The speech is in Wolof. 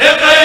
lépp